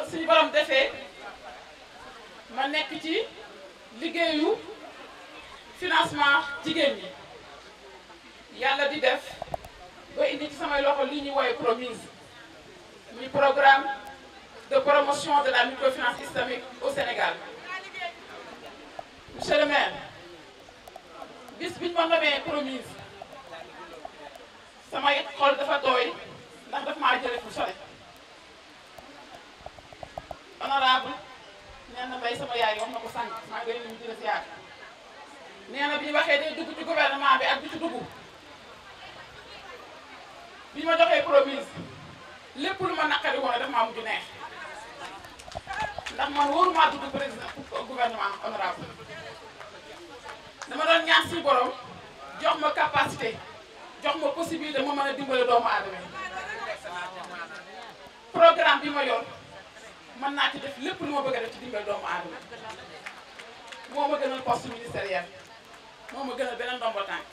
suñu borom defee ma nekk ci liggéeyu financement jigéen yi yàlla di def ba indi ci samay loxo li ñuy wooye promise muy programme de promotion de la microfinance islamique au Sénégal monsieur le maire bis biñ ma nommee promise samay xol dafa tooy ndax daf maa jële fu sore honorable nee na mbay sama yaay wax ko sànq maa ngi lay nuyu di la ziar nee na bi ñu waxee day dugg ci gouvernement bi ak bi ci dugg bi ñu ma joxee promise lépp lu ma naqari woon daf maa mujj neex ndax man wóorumaa dugg président gouvernement honorable dama doon ñaan si borom jox ma capacité jox ma possibilité ma mën a dimbale bi ma yor. man naa ci def lépp lu ma bëgg a def ci dimbal doomu aadama moo ma gënal poste ministériel moo ma gënal beneen ndombo tànk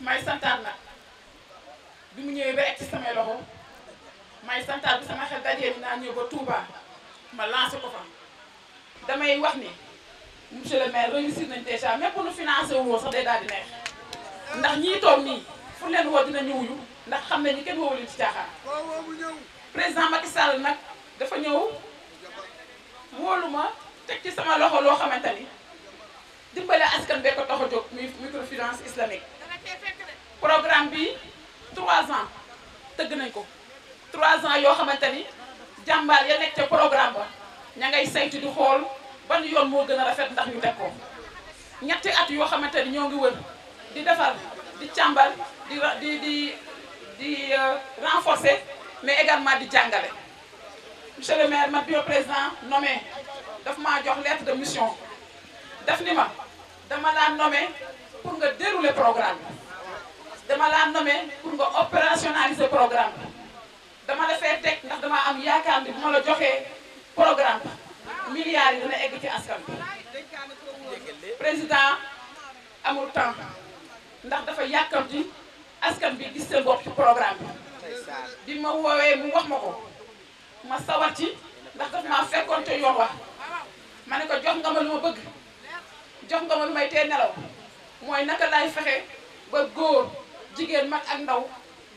may santaat nag bi mu ñëwee ba egg ci samay loxo may santaat bi sama xel dajee ni naa ñëw ba Touba ma lancé ko fa damay wax ni monsieur le maire réussir nañ déjà même bu nu financé wu woo sax day daal di ndax ñii toog nii fu leen woo dina ñu wuyu ndax xam nañu kenn woowu leen ci caaxaan président Macky Sall nag. dafa ñëw wóolu ma teg ci sama loxo loo xamante ni dimbale askan bee ko tax a jóg muy microfinance islamique programme bi trois ans tëgg nañ ko trois ans yoo xamante ni jàmbaar ya nekk ca programme ba ña ngay saytu di xool ban yoon moo gën a rafet ndax ñu teg ko ñetti at yoo xamante ni ñoo ngi wër di defar di càmbar di di di di euh, renforcer mais également di jàngale monsieur le maire man bi président nommé dafa maa jox lettre de mission def ni ma dama laa nommé pour nga dérouler programme dama laa nommé pour nga opérationnaliser programme dama la fee teg ndax damaa am yaakaar ni bu ma la joxee programme milliards yi dana egg ci askan bi président amul temps ndax dafa yàkkamti askan bi gis seen bopp ci programme bi bi ma woowee mu wax ma ko ma sawar ci ndax daf maa fekkoon te yoon wax ma ne ko jox nga ma lu ma bëgg jox nga ma lu may tee nelaw mooy naka laay fexe ba góor jigéen mag ak ndaw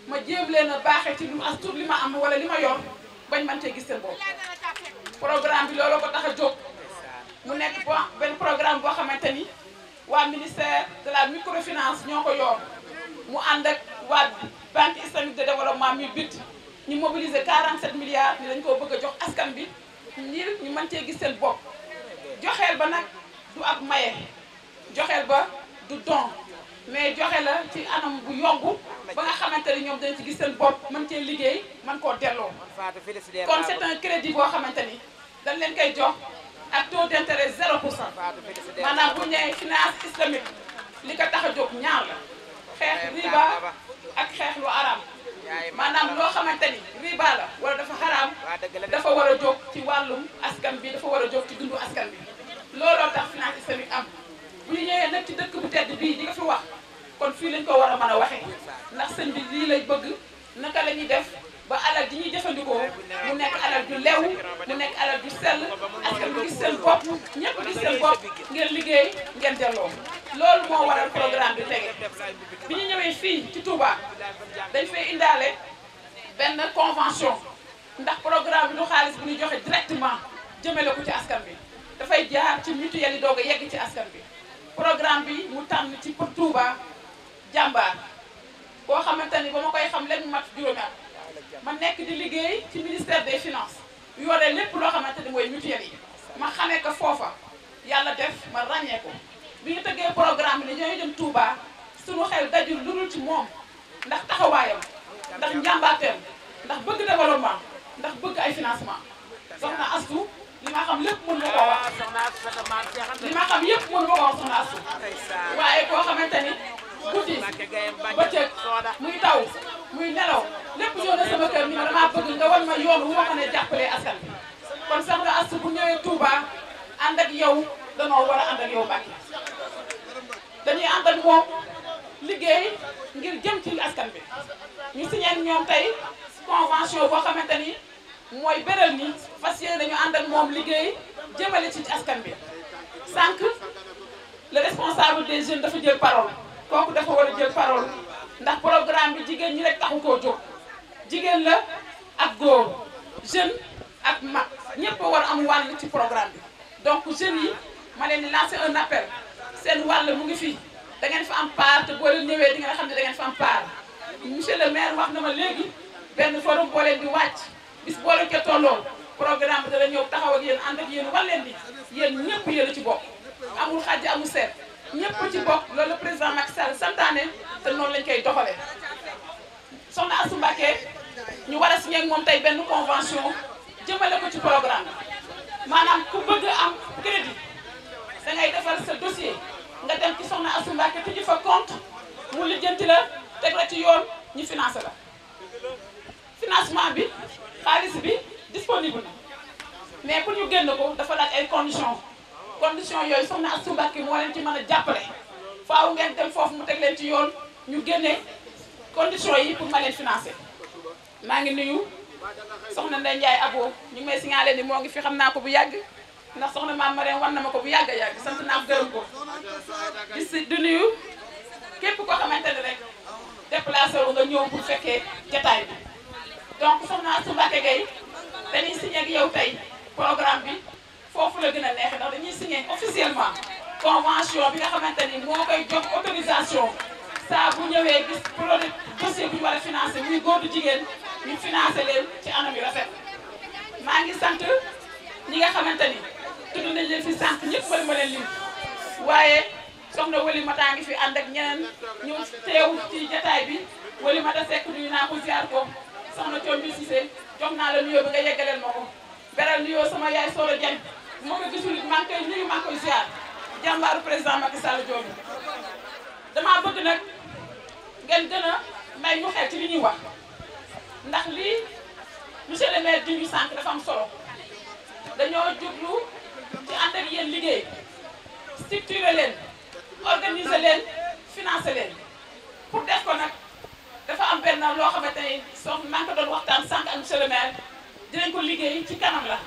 ma jéem leen a baaxee ci lu ma as tuut li ma am wala li ma yoon bañ man tee gis seen bopp programme bi looloo ko tax a jóg mu nekk bo benn programme boo xamante ni waa ministère de la microfinance ñoo ko yor mu ànd ak waa banque islamique de développement mi bit ñu mobiliser 47 milliards ni lañ koo bëgg a jox askan bi ngir ñu mën cee gis seen bopp joxeel ba nag du ab maye joxeel ba du don mais joxe la ci anam bu yomb ba nga xamante ni ñoom dañ ci gis seen bopp mën cee liggéey mën koo delloo kon c'est un crédit boo xamante ni dañ leen koy jox ak taux d'intérêt zéro pour cent maanaam bu ñu nee finance islamique li ko tax a jóg ñaar la xeex riba ak fàttali riba la wala dafa xaraam dafa war a jóg ci wàllum askan bi dafa war a jóg ci dundu askan bi looloo tax finance islamique am bu ñu ñëwee nag ci dëkk bu tedd bii di nga fi wax kon fii lañ ko war a mën a waxee ndax sëñ bi lii lay bëgg naka la ñuy def ba alal di ñuy jëfandikoo mu nekk alal ju lew mu nekk alal ju sell askan bi gis seen bopp ñëpp gis seen bopp ngeen liggéey ngeen delloo loolu moo waral programme bi tege bi ñu ñëwee fii ci Touba dañ fee indaale benn convention ndax programme bi du xaalis bi ñu joxee directement jëmale ko ci askan bi dafay jaar ci mutuelle yi doog yegg ci askan bi programme bi mu tànn ci pour Touba jàmbaar boo xamante ni ba ma koy xam leen mat juróomi ma nekk di liggéey ci ministère des finances yore lépp loo xamante ni mooy mutuelle yi ma xamee ko foofa yàlla def ma ràññee ko bi ñu tëggee programme bi ni ñooy dem Touba sunu xel dajul lu dul ci moom ndax taxawaayam ndax njàmbaateem ndax bëgg développement ndax bëgg ay financement soxna astu li ma xam lépp mën ma koo wax ah, li ma xam yëpp mën ma koo wax soxna astu waaye koo xamante ni guddi bëccëg muy taw muy nelaw lépp ñëw na sama kër ni ma damaa bëgg nga wan ma yoon wu ma ko ne jàppalee askan bi kon soxna astu bu ñëwee Touba ànd ak yow danoo war a ànd ak yow Mbacke dañuy ànd ak moom liggéey ngir jëm ci askan bi ñu signé ñoom tey convention boo xamante ni mooy bëral ni fas yéene nañu ànd ak moom liggéey jëmale ci askan bi sànq le responsable des jeunes dafa jël parole kooku dafa war a jël parole ndax programme bi jigéen ñi rek taxu koo jóg jigéen la ak góor jeune ak mag ñëpp war am wàll ci programme bi donc jeunes yi ma leen di lancer un appel seen wàll mu ngi fii da ngeen fa am part te boo leen ñëwee di nga xam ne da ngeen fa am part monsieur le maire wax na ma léegi benn forum boo leen di wàcc bis boo leen tolloo programme bi dana ñëw taxaw ak yéen ànd ak yéen wan leen di yéen ñëpp yéen a ci bokk amul xàjj amul seet ñëpp ci bokk loolu président Macky Sall santaane te noonu lañ koy doxalee soxna su Mbacké ñu war a si ak moom tey benn convention jëmale ko ci programme maanaam ku bëgg am crédit da ngay defar sa dossier nga dem ci soxna Assou Mbacke tijji fa compte mu lijjanti la teg la ci yoon ñu financé la financement bi xaalis bi disponible na mais pour ñu génn ko dafa laaj ay conditions conditions yooyu soxna Assou Mbacke moo leen ci mën a jàppale faaw ngeen dem foofu mu teg leen ci yoon ñu génne conditions yi pour ma leen financé maa ngi nuyu soxna Ndeye Ndiaye Abo ñu ngi may signalé ni moo ngi fi xam naa ko bu yàgg. ndax soxna maam Mariam war na ma ko bu yàgg yàgg sant naa gërëm ko di si di nuyu képp koo xamante ne rek déplacé wu nga ñëw pour fekkee jataay bi donc soxna Astou Mbacké Gueye dañuy signé ak yow tey programme bi foofu la gën a neex ndax dañuy signé officiellement convention bi nga xamante ni moo koy jox otorisation saa bu ñëwee gis projet dossier bu ñu war a financé muy góor jigéen ñu financé leen ci anam yu rafet maa ngi sant ñi nga xamante tudd nañ leen fi sànq ñëpp bëri ma leen lim waaye soxna Wali Mata ngi fi ànd ak ñeneen ñu teew ci jataay bi Wali Mata Seck nuyu naa ko ziar ko soxna Combi Cissé jox naa la nuyoo ba nga yeggaleel ma ko beral nuyoo sama yaay Soro Diagne moo ko gisul it maa ngi koy nuyu maa ngi koy ziar jàmbaaru président Macky Sall Diop damaa bëgg nag ngeen gën a may ñu xel ci li ñuy wax ndax lii monsieur le maire di ñu sànq dafa am solo dañoo jublu di ànd ak yéen liggéey structurer leen organiser leen financer leen pour def ko nag dafa am benn loo xamante ni soo maa ko doon waxtaan sànq ak monsieur le maire dinañ ko liggéey ci kanam la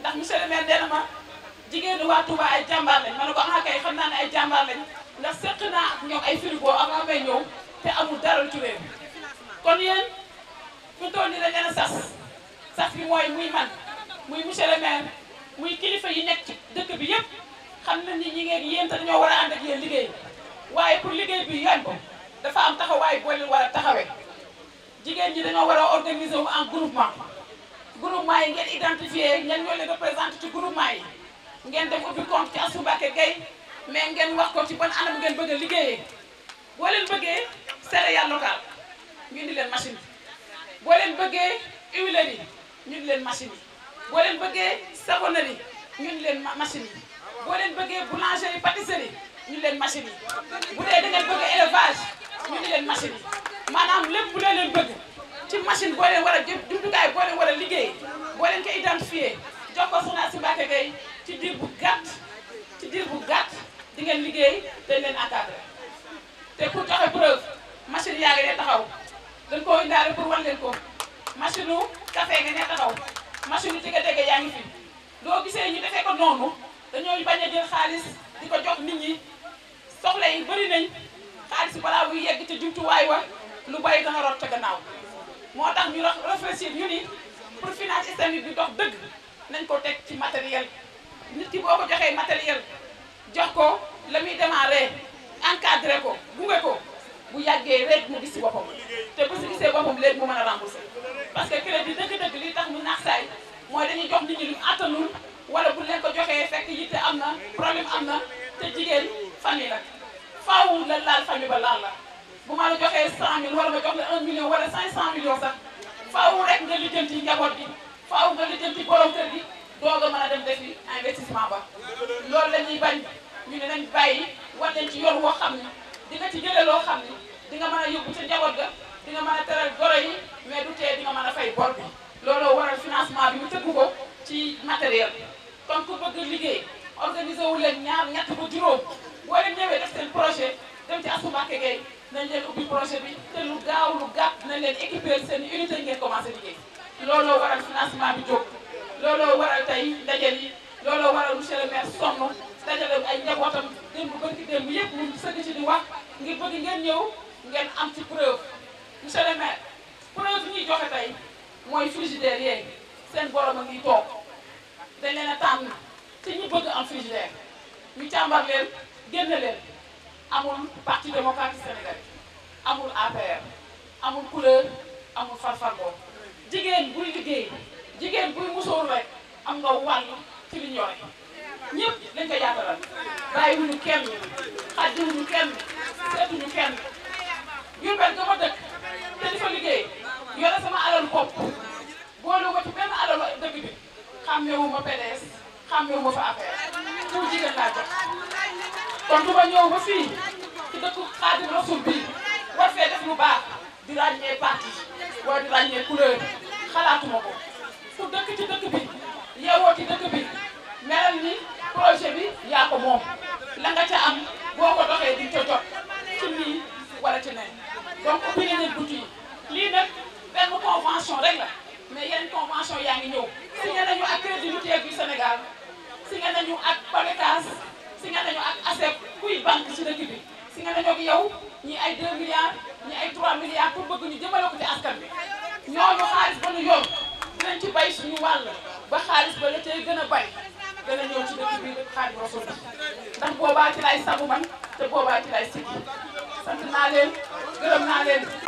ndax monsieur le maire dena ma jigéenu waa Touba ay jàmbaar lañ ma ne ko ah kay xam naa ne ay jàmbaar lañ ndax seq naa ak ñoom ay frigo am may ñëw te amul dara ci réew kon yéen fu toll nii dañ leen a sas sas bi mooy muy man muy monsieur le muy kilifa yi nekk ci dëkk bi yëpp xam na ni ñi ngeen yéen te dañoo war a ànd ak yéen liggéey waaye pour liggéey bi yomb dafa am taxawaay boo leen war a taxawee jigéen ñi dañoo war a organiser wu en groupement groupement yi ngeen identifié ñan ñoo leen représenté ci groupement yi ngeen def ubbi compte ci Astou Mbacké Gueye mais ngeen wax ko ci ban anam ngeen bëgg a liggéeyee boo leen bëggee céréales locales ñu indi leen machine bi boo leen bëggee huileries yi ñu leen machine yi boo leen bëggee savonnerie ñun leen machine yi boo leen bëggee boulangerie pâtisserie leen machine yi bu dee da ngeen bëgg élevage leen machine yi maanaam lépp bu leen leen bëgg ci machine boo leen war a jëm jumtukaay boo leen war a liggéey boo leen ko identifié jox ko soxna si Mbacke Gueye ci diir bu gàtt ci diir bu gàtt di ngeen liggéey dañ leen encadré te pour joxe preuve machine yaa ngi ne taxaw dañ ko indaale pour wan leen ko machine u café nga ne taxaw machine u tege tege yaa ngi fi noonu dañoo bañ a jël xaalis di ko jox nit ñi soxla yi bëri nañ xaalis bi balaa buy yegg ca jumtuwaay wa lu bay dana rot ca gannaaw moo tax ñu réfléchir ñu ni pour finance islamique bi dox dëgg nañ ko teg ci matériel nit ki boo ko joxee matériel jox ko la muy démarrer encadré ko gunge ko bu yàggee rek mu gis boppam te bu si gisee boppam léegi mu mën a rembourser parce que crédit dëgg-dëgg li tax mu naax mooy dañuy jox nit ñi lu mu wala bu leen ko joxee fekk yitte am na problème am na te jigéen yi la faaw la laal famille ba laal la bu ma la joxee 100000 wala ma jox la 1 million wala 500 millions sax faaw rek nga ci njaboot bi faaw nga lijjanti borom kër gi doog a man a dem def defi investissement ba loolu la ñuy bañ ñu ne nañ bàyyi war nañ ci yoon woo xam ne di nga ci jëlee loo xam ne di nga mën a yóbbu sa njaboot ga di nga mën a teral goro yi mais du tee di nga mën a fay bor bi looloo waral financement bi mu ko ci matériel kon ku bëgg liggéey organiser wu leen ñaar ñett ba juróom boo leen ñëwee def seen projet dem ci asu Mbàkke Gueye nañ leen ubbi projet bi te lu gaaw lu gàtt nañ leen équiper seen unité ngeen commencé liggéey looloo waral financement bi jóg looloo waral tey yi looloo waral monsieur le maire sonn dajale ay njabootam démb bërki démb yëpp ñu sëgg ci di wax ngir bëgg ngeen ñëw ngeen am ci preuve monsieur le maire preuve ñuy joxe tey mooy frigidaire yeeg seen boro a ngi toog en frigidaire ñu càmbar leen génn leen amul parti démocratique sénégalais amul APR amul couleur amul farfar boobu jigéen buy liggéey jigéen buy musóor rek am nga wàll ci li ñore ñëpp dañ ko yaatalal bàyyiwuñu kenn xàjjiwuñu kenn seetuñu kenn yu mel dama dëkk te di fa liggéey yore sama alal bopp boole ko ci benn alal dëkk bi xàmmeewu ma PDS xàmmeewu ma fa APR góor jigéen laa jot kon du ma ñëw ba fii ci dëkku Xaadim Rasul bi war fee def lu baax di ràññee parti wala di ràññee couleur xalaatuma ko ku dëkk ci dëkk bi yeewoo ci dëkk bi. milliards pour bëgg ñu jëmale ko ci askan bi ñooñu xaalis ba nu yor dinañ ci bay suñu wàll ba xaalis ba la tey gën a bay gën a ñëw ci dëkk bii dëkk Xaadimu Rasuul ndax boobaa ci lay sabu man te boobaa ci lay sikki sant naa leen gërëm naa leen